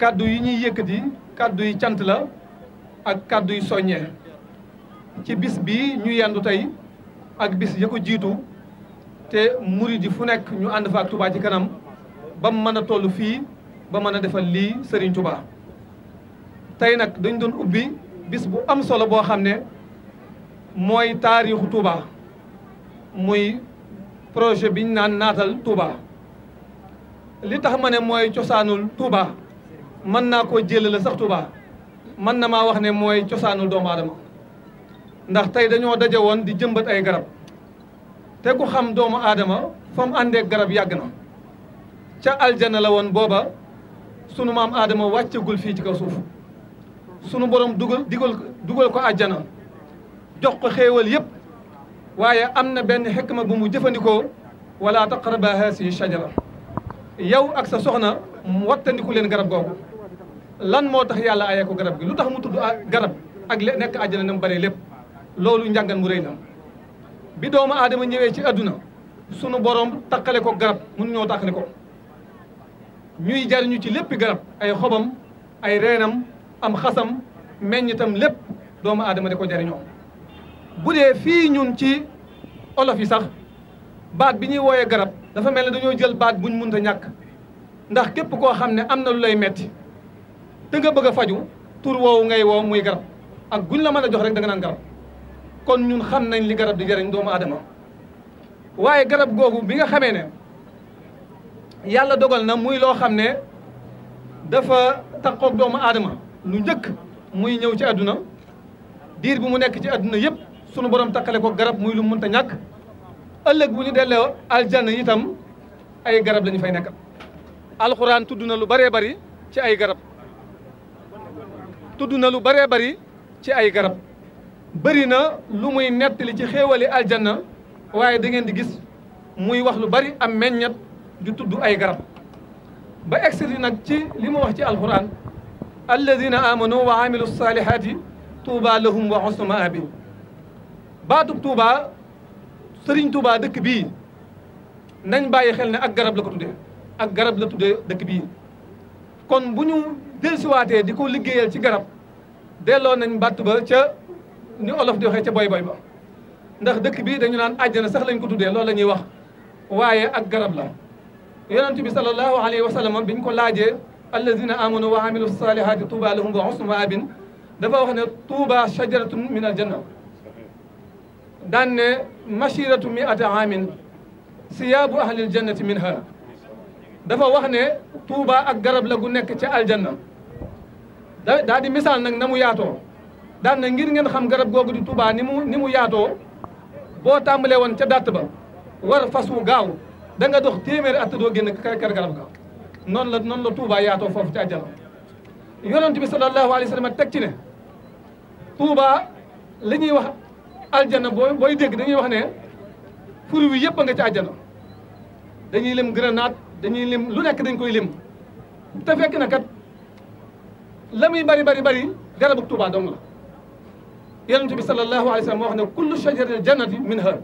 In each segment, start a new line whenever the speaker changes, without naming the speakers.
kàddu yi ñuy yëkkati kàddu yi cant la ak kàddu yi soññe ci bis bi ñu yendu tey ak bis ya ko jiitu te murid yi fu nekk ñu ànd fa ak Touba ci kanam ba mu mën a toll fii ba mën a defal lii Serigne Touba tey nag dañ doon ubbi bis bu am solo boo xam ne mooy taarixu Touba muy projet bi ñu naan naatal Touba li tax ma ne mooy cosaanul Touba mën naa koo jël la sax mën na maa wax ne mooy cosaanu doomu aadama ndax tey dañoo daje woon di jëmbat ay garab te ku xam doomu aadama fa mu àndee garab yàgg na ca aljana la woon booba sunu maam aadama wàccagul fii ci kaw suuf sunu borom dugal digal dugal ko àjjana jox ko xéewal yépp waaye am na benn xekk ma bu mu jëfandikoo wala taqraba haasihi shajara yow ak sa soxna mu wattandiku leen garab googu lan moo tax yàlla ayee ko garab gi lu tax mu tudd garab ak le nekk àjjana na mu bëree lépp loolu njàngan mu réy la bi doomu aadama ñëwee ci adduna sunu boroom takkale ko garab mun ñoo takkale ko ñuy jariñu ci lépp garab ay xobam ay reenam am xasam meññitam lépp doomu adama di ko jariñoo bu dee fii ñun ci olof yi sax baat bi ñuy wooyee garab dafa mel ne dañoo jël baat buñ munta ñàkk ndax képp koo xam ne am na lu lay metti te nga bëgg faju tur wowu ngay woo muy garab ak guñ la mën a jox rek da nga naan garab kon ñun xam nañ li garab di jëriñ doomu aadama waaye garab googu bi nga xamee ne yàlla dogal na muy loo xam ne dafa taqoog doomu aadama lu njëkk muy ñëw ci àdduna diir bi mu nekk ci àdduna yëpp sunu borom takkale ko garab muy lu mënta ñàkk ëllëg bu ñu delloo aljanna itam ay garab la fay nekk alxuraan tudd na lu bëree bëri ci ay garab tudd na lu bëree bari ci ay garab bëri na lu muy nettali ci xéewali aljanna waaye da ngeen di gis muy wax lu bari am meññet ju tudd ay garab ba egsi nag ci li mu wax ci alquran alladina amanu wa amilu salihati tuuba lahum wa xusnu maabi baatub tuuba sëriñ tuuba dëkk bii nañ bàyyi xel ne ak garab la ko tuddee ak garab la tuddee dëkk bii kon bu ñu dellusiwaatee di ko liggéeyal ci garab delloo nañ bàtt ba ca ni olof di waxee ca boy boy ba ndax dëkk bi dañu naan àjjana sax lañ ko tuddee loolu la ñuy wax waaye ak garab la yonent bi sallallahu alayhi wa sallam biñ ko laaje laajee allazina amanu wa amilu salihati tuuba lahum wa husnu maabin dafa wax ne tuuba shajaratun min aljanna daan ne machiratu miata amin siyaabu ahlil min minha dafa wax ne tuuba ak garab la gu nekk ca aljanna da daa di misaal nag na mu yaatoo daan na ngir ngeen xam garab googu di Touba ni mu ni mu yaatoo boo tàmbalee woon ca dàtt ba war fas wu gaaw danga nga dox téeméeri at doo génn kër garab ga noonu la noonu la Touba yaatoo foofu ci àjjana yonent bi sallallahu alayhi teg ci ne Touba li ñuy wax aljana booy booy dégg dañuy wax ne fur wi yëpp a nga ci àjjana dañuy lim grenade dañuy lim lu nekk dañ koy lim te fekk na kat la muy bari bari bari garabug tubaa dong la yonent bi sallallahu alayhi wa sallam moo wax ne kullu shajarin jannati min har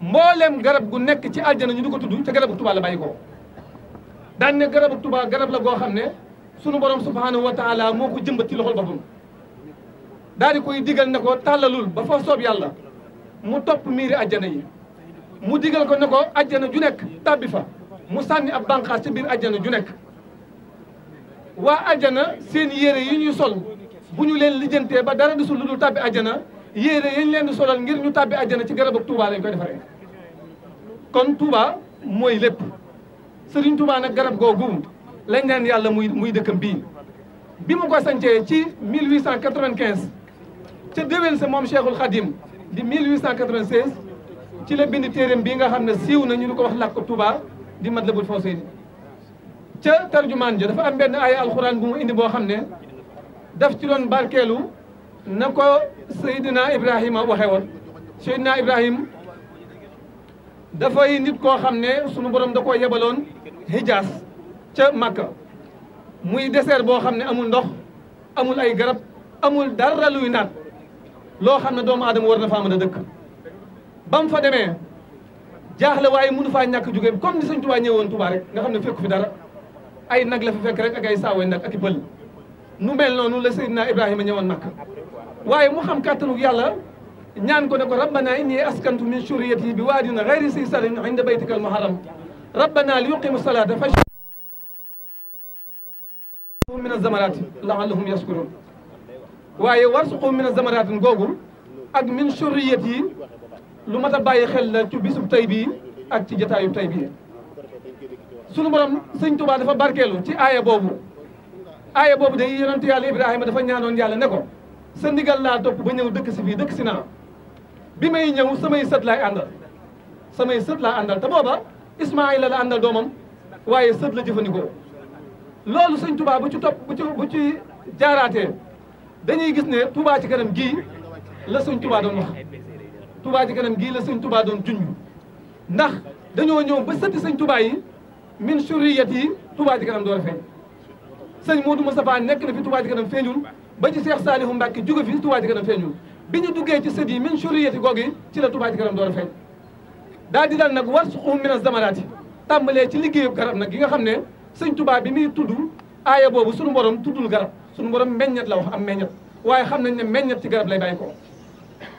mboolem garab gu nekk ci àjjana ñu di ko tudd ca garabug Tuuba la bàyyi ko daan ne garabug garab la goo xam ne sunu borom subhanahu wa taala moo ko jëmbat ci loxol boppam di koy digal ne ko tàllalul ba fa soob yàlla mu topp miiri àjjana yi mu digal ko ne ko àjjana ju nekk tàbbi fa mu sànni ab bànqaas ci biir àjjana ju nekk waa ajana seen yére yi ñuy sol bu ñu leen lijjantee ba dara desul lu dul tàbbi ajana yére yi leen di solal ngir ñu tàbbi ajana ci garab ak Touba lañ koy defaree kon Touba mooy lépp Serigne Touba nag garab googu lañ naan yàlla muy muy dëkkam bii bi mu ko sancee ci 1895 ca déwén sa moom Cheikhul Khadim di 1896 ci la bind téeréem bii nga xam ne siiw na ñu di ko wax làkk Touba di Matlabul Fawzayni ca tarjumaan ja dafa am benn ay alxuraan bu mu indi boo xam ne daf ci doon barkeelu na ko Seydina Ibrahima waxe woon Seydina Ibrahima dafay nit koo xam ne sunu borom da koo yebaloon Hijaas ca Makka muy désert boo xam ne amul ndox amul ay garab amul dara luy naat loo xam ne doomu aadama war na faa mën dëkk ba mu fa demee jaaxle waaye mënu faa ñàkk jóge comme ni Sëñ Tuubaa ñëwoon Tuubaa rek nga xam ne fekku fi dara ay nag la fi fekk rek ak ay saaway nag ak i bël nu mel noonu la Seydina Ibrahima ñëwoon nag waaye mu xam kàttanu yàlla ñaan ko ne ko rabbana inni askantu min shuriyati bi waadin gayri si sarin inda baytika al muharram rabbana li yuqimu salata fa min azamaraati laallahum yaskurun waaye warsuqu min azamaratin googu ak min shuriyati lu mat a bàyyi xel la ci bisub tey bii ak ci jataayub tey bii sunu borom sëñ Tuubaa dafa barkeelu ci aaya boobu aaya boobu day yonentu yàlla Ibrahima dafa ñaanoon yàlla ne ko sa ndigal topp ba ñëw dëkk si fii dëkk si naa bi may ñëw samay sët laay samay sët laa àndal te booba la àndal doomam waaye sët la jëfandikoo loolu sëñ Tuubaa bu ci topp bu ci bu ci jaaraatee dañuy gis ne Tuubaa ci kanam gii la sëñ Tuubaa doon ci kanam gii la sëñ Tuubaa doon junj ndax dañoo ñëw ba sëtti sëñ Tuubaa yi min suriyat yi Touba Ca Kanam door a feeñ sëñ Modou Moustapha nekk na fi Touba Ca Kanam feeñul ba Ca Kanam feeñul bi ñu duggee ci sët yi min suriyat yi googu ci la Touba Ca Kanam door a feeñ daal di dal nag war suqum min az-zamaraati tàmbalee ci liggéeyu garab nag gi nga xam ne sëñ Touba bi muy tudd aaya boobu sunu borom tuddul garab suñu borom meññet la wax am meññet waaye xam nañ ne meññet ci garab lay bàyyi ko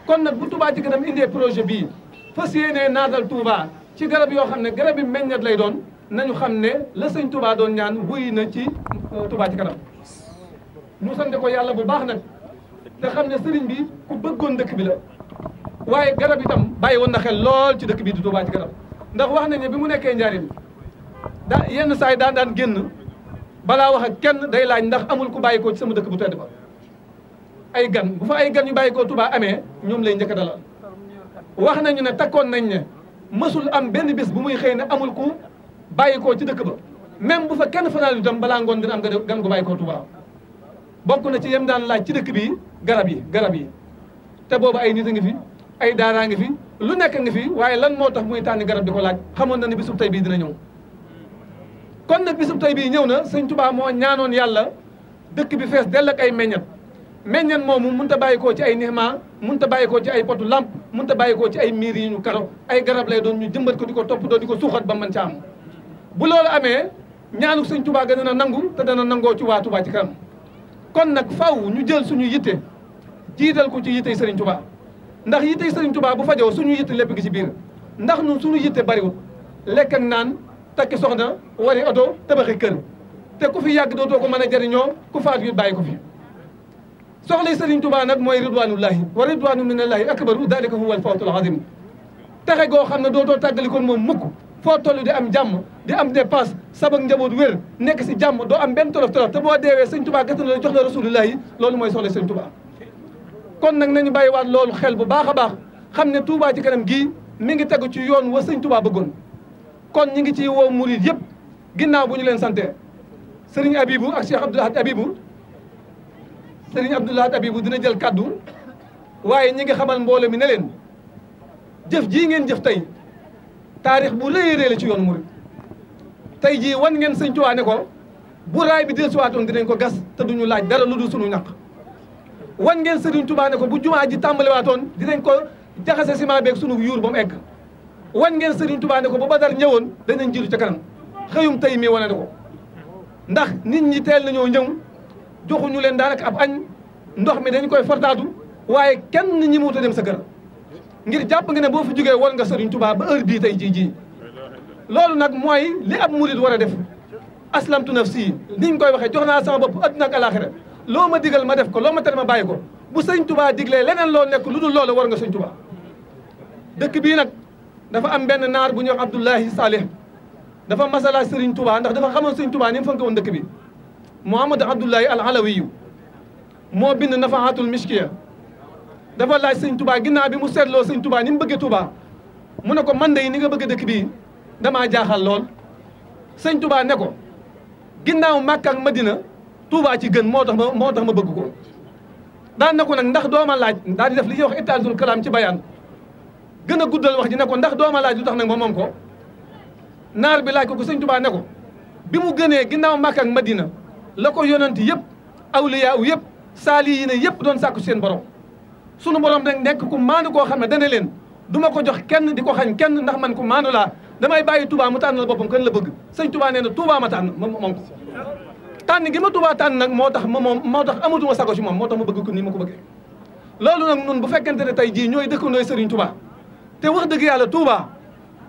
kon nag bu Touba Ca Kanam indee projet bii fas yéenee naatal Touba ci garab yoo xam ne garab yi meññet lay doon nañu xam ne la sëñ Touba doon ñaan wuy na ci euh, Touba ci kanam ñu sante ko yàlla bu baax nag te xam ne sëriñ bi ku bëggoon dëkk bi la waaye garab yi tam bàyyi woon na xel lool ci dëkk bi di Touba ci kanam ndax wax nañ ne bi mu nekkee njaarim daa yenn saa yi daan daan génn balaa wax ak kenn day laaj ndax amul ku bàyyi ko ci sama dëkk bu tedd ba ay gan bu fa ay gan ñu bàyyi tubaa Touba amee ñoom lay njëkk a dalal wax nañu ne takkoon nañ ne mësul am benn bis bu muy xëy ne amul ku bàyyi koo ci dëkk ba même bu fa kenn fanaan itam balaa ngoon dina am gan gu bàyyi koo Touba bokk na ci yem daan laaj ci dëkk bi garab yi garab yi te boobu ay nit a fi ay daaraa ngi fi lu nekkee ngi fi waaye lan moo tax muy tànn garab di ko laaj xamoon na ne bisub tey bii dina ñëw kon bi bisub tey bii ñëw na sëñ Touba moo ñaanoon yàlla dëkk bi fees dell ak ay meññat meññan moomu mënut a bàyyikoo ci ay nixma mënut a bàyyikoo ci ay potu lamp mënut a bàyyikoo ci ay miir yi ñu karo ay garab lay doon ñu jëmbat ko di ko toppatoo di ko suuxat ba mën ca am bu loolu amee ñaanu sëñ Tuubaa gën a nangu te dana nangoo ci waa Tuubaa ci kanam kon nag faw ñu jël suñu yitte jiital ko ci yittey sëriñ Tuubaa ndax yittey sëriñ Tuubaa bu fajoo suñu yitte lépp gi ci biir ndax nu suñu yitte bariwul lekk ak naan takki soxna wari oto tabaxi kër te ku fi yàgg dootoo ko mën a jariñoo ku faatu it bàyyi ko fi soxlay sëriñ Tuubaa nag mooy ridwanullahi wa ridwanu minallahi akbaru dalika huwa alfawtul azim texe goo xam ne dootoo tàggali kon moom mukk foo toll di am jàmm di am dépense sabak njaboot wér nekk si jàmm doo am benn tolof tolof te boo deewee sëñ tubaa gëstu na la jox la rasulullah yi loolu mooy soxla sëñ tubaa kon nag nañu bàyyiwaat loolu xel bu baax a baax xam ne tuubaa ci kanam gii mi ngi tegu ci yoon wa sëñ tubaa bëggoon kon ñi ngi ciy woo murid yëpp ginnaaw bu ñu leen sante sëriñ abibu ak cheikh abdoulahat abibu sëriñ abdoulahat abibu dina jël kaddu waaye ñi ngi xamal mbooloo mi ne leen jëf jii ngeen jëf tey taarix bu rëy la ci yoonu murid tey jii wan ngeen sëñ Tuubaa ko bu raay bi dellusiwaatoon dinañ ko gas te duñu laaj dara lu dul sunu ñaq wan ngeen sëriñ Tuubaa ne ko bu jumaa ji tàmbaliwaatoon dinañ ko jaxase ciment beeg sunu yuur ba mu egg wan ngeen sëriñ tubaane ko boo bu Badar ñëwoon danañ jiitu ca kanam xëyum tey mii wane na ko ndax nit ñi teel nañoo ñëw joxuñu leen daanaka ab añ ndox mi dañ koy fortaatu waaye kenn ñi mu wut dem sa kër ngir jàpp nga ne boo fi jógee war nga sëriñ Tuubaa ba heure bii tey jii loolu nag mooy li ab murid war a def aslamtu nafsi niñ koy waxee jox naa sama bopp adduna ak alaxira loo ma digal ma def ko loo ma tere ma bàyyi ko bu sëriñ Tuubaa diglee leneen loo nekk lu dul loole war nga sëriñ dëkk bii nag dafa am benn naar bu ñuy wax Abdoulahi Salih dafa masala sëriñ tubaa ndax dafa xamoon sëriñ Tuubaa ni mu fonk dëkk bi Mouhamadou Abdoulahi al Alawiyu moo bind nafaatul miskiya dafa laaj sëñ tubaa ginnaaw bi mu seetloo sëñ tubaa ni mu bëggee tubaa mu ne ko man de ni nga bëgge dëkk bii damaa jaaxal lool sëñ ne ko ginnaaw Màkka ak Madina tubaa ci gën moo dax ma moo tax ma bëgg ko daan na ko nag ndax dooma laaj daal di def li ñuy wax étatul kalaam ci bayaan gën a guddal wax ji ne ko ndax dooma laaj lu tax nag ma moom ko naar bi laaj ko ko sëñ ne ko bi mu gënee ginnaaw mag ak Madina la ko yonent yëpp awliyaa yëpp saali yi ne yëpp doon sàkku seen borom sunu borom nag nekk ku maanu koo xam ne dana leen duma ko jox kenn di ko xañ kenn ndax man ku maanu laa damay bàyyi Touba mu tànnal boppam kan la bëgg sëñ Touba nee na Touba ma tànn ma moom tànn gi ma Touba tànn nag moo tax ma moom moo tax amatuma sago ci moom moo tax ma bëgg ko nii ma ko bëggee loolu nag nun bu fekkente ne tey jii ñooy dëkkandooy Serigne Touba te wax dëgg yàlla Touba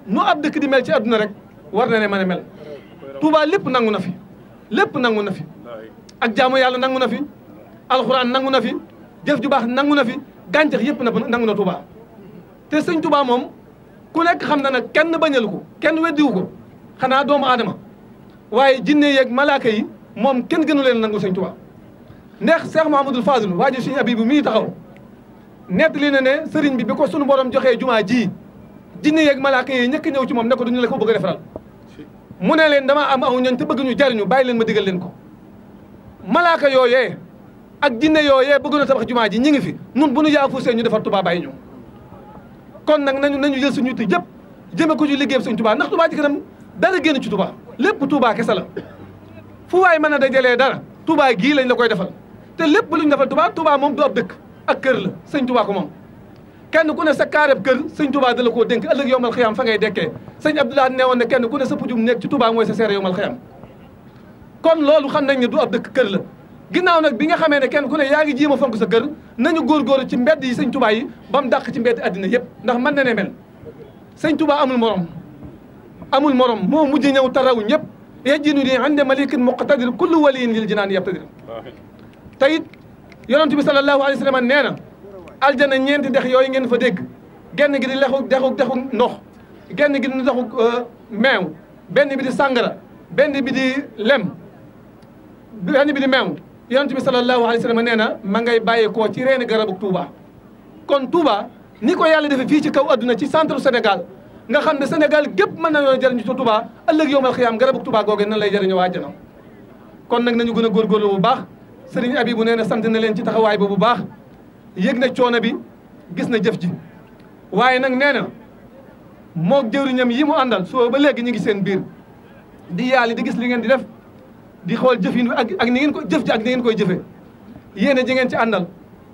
nu ab dëkk di mel ci àdduna rek war na ne ma a mel Touba lépp nangu na fi lépp nangu na fi ak jaamu yàlla nangu na fi alxuraan nangu na fi jëf ju baax nangu na fi gàncax yëpp na nangu na Touba te sëñ Touba moom ku nekk xam na nag kenn bañal ko kenn weddiwu ko xanaa doomu aadama waaye jinne yeeg malaaka yi moom kenn gënu leen nangu sëñ Touba neex Cheikh Mahamadul Fadil waa ji sëñ Abibu mii taxaw nett li ne ne sëriñ bi bi ko sunu borom joxee jumaa ji jinne yeeg malaaka yi ñëkk ñëw ci moom ne ko duñu la ko bëgg a mu ne leen dama am aw ñoñ te bëgg ñu jariñu bàyyi leen ma digal leen ko malaaka yooyee ak jinne yooyee bëgg na tabax jumaa ji ñi ngi fi nun bu ñu yaafuusee ñu defar Touba ñu kon nag nañu nañu jël suñu yitte yëpp jëme ko ci liggéeyam suñ Touba ndax Touba ci kanam dara génn ci Touba lépp Touba kese la fu waay mën a dajalee dara Touba gii lañ la koy defal te lépp lu ñu defal Touba Touba moom du ab dëkk ak kër la sëñ Touba ko moom kenn ku ne sa kaareb kër sëñ Touba da la koo dénk ëllëg yowmal xiyaam fa ngay dekkee sëñ Abdoulaye nee woon ne kenn ku ne sa pujum nekk ci Touba sa seere yowmal xiyaam kon loolu xam nañ ne du ab dëkk kër la ginnaaw nag bi nga xamee ne kenn ku ne yaa ngi jéem a sa kër nañu góorgóorlu ci mbedd yi sëñ tubaa yi ba mu dàq ci mbedd addina yëpp ndax man na ne mel sëñ tubaa amul morom amul morom moo mujj ñëw taraw ñëpp yejjinu di ande malikin muqtadir kullu waliyin lil jinaan yabtadir te it yonent bi sallallahu alayhi wa sallam nee na aljana ñeenti dex yooyu ngeen fa dégg genn gi di lexu dexu dexu ndox genn gi di dexu euh, meew benn bi di sàngara benn bi di lem benn bi di yonent bi sallallahu alayhi wa sallam nee na ma ngay bàyyeekoo ci reeni garabu Touba. kon tuuba ni ko yàlla defee fii ci kaw adduna ci centre Sénégal nga xam ne Sénégal gépp mën nañoo jëriñu ci Touba ëllëg yowmal xiyaam garabu Touba googu nan lay jëriñoo àjjana kon nag nañu gën a góorgóorlu bu baax sëriñ Abibu nee na sant na leen ci taxawaay bi bu baax yëg na coono bi gis na jëf ji waaye nag nee moo moog jëwriñam yi mu àndal soo ba léegi ñu ngi seen biir di yàlla di gis li ngeen di def di xool jëfin ak ak ni ngeen ko jëf ji ak ni ngeen koy jëfee yéene ji ngeen ci àndal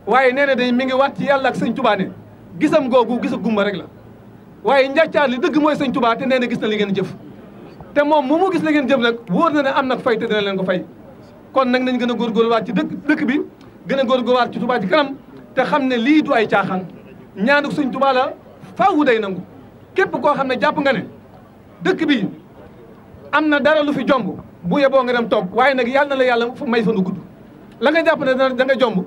waaye nee na day mi ngi waat ci yàlla ak sëñ Tuubaa ne gisam googu gisa gumba rek la waaye njàccaar li dëgg mooy sëñ Tuubaa te nee na gis na li ngeen jëf te moom mu mu gis li ngeen jëf nag wóor na ne am nag fay te dina leen ko fay kon nag nañ gën a góorgóorluwaat ci dëkk dëkk bi gën a góorgóorluwaat ci Tuubaa ci kanam te xam ne lii du ay caaxaan ñaanuk sëñ Tuubaa la faawu day nangu képp koo xam ne jàpp nga ne dëkk bi am na dara lu fi jomb bu yeboo nga dem toog waaye nag yàlla na la yàlla may fa nu gudd la nga jàpp ne da nga jomb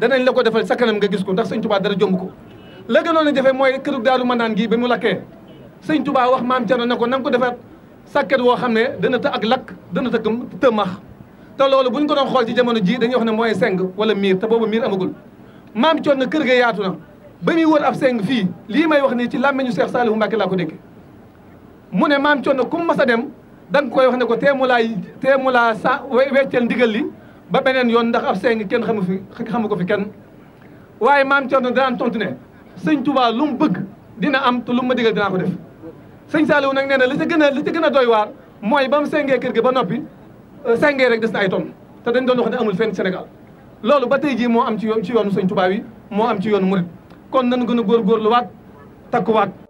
danañ la ko defal sa kanam nga gis ko ndax sëñ tubaa dara jomb ko la gënoon a jafe mooy këru daaru manaan gii ba mu lakkee sëñ tubaa wax maam Cerno na ko na ko defar sàkket woo xam ne dana të ak lakk dana të këm tëmmax te loolu ñu ko doon xool ci jamono jii dañuy wax ne mooy seng wala miir te boobu miir amagul maam na kër ga yaatu na ba muy wër ab seng fii lii may wax nii ci làmmiñu Seex Saalihu Mbàkke laa ko déggee mu ne maam Cerno kum mas a dem danga nga koy wax ne ko teemu laa teemu laa sa weccel ndigal li ba beneen yoon ndax ab seng kenn xamu fi xamu ko fi kenn waaye maam Thierno daan tontu ne sëñ Touba lu mu bëgg dina am te lu ma digal dinaa ko def sëñ Saliou nag nee na li ci gën a li ci gën a doy waar mooy ba mu sengee kër gi ba noppi euh, sengee rek des na ay tonn te dañ doon wax ne amul fenn Sénégal loolu ba tey jii moo am ci yoon ci yoonu sëñ Touba yi moo am ci yoon mu murit kon nan gën a góorgóorluwaat takkuwaat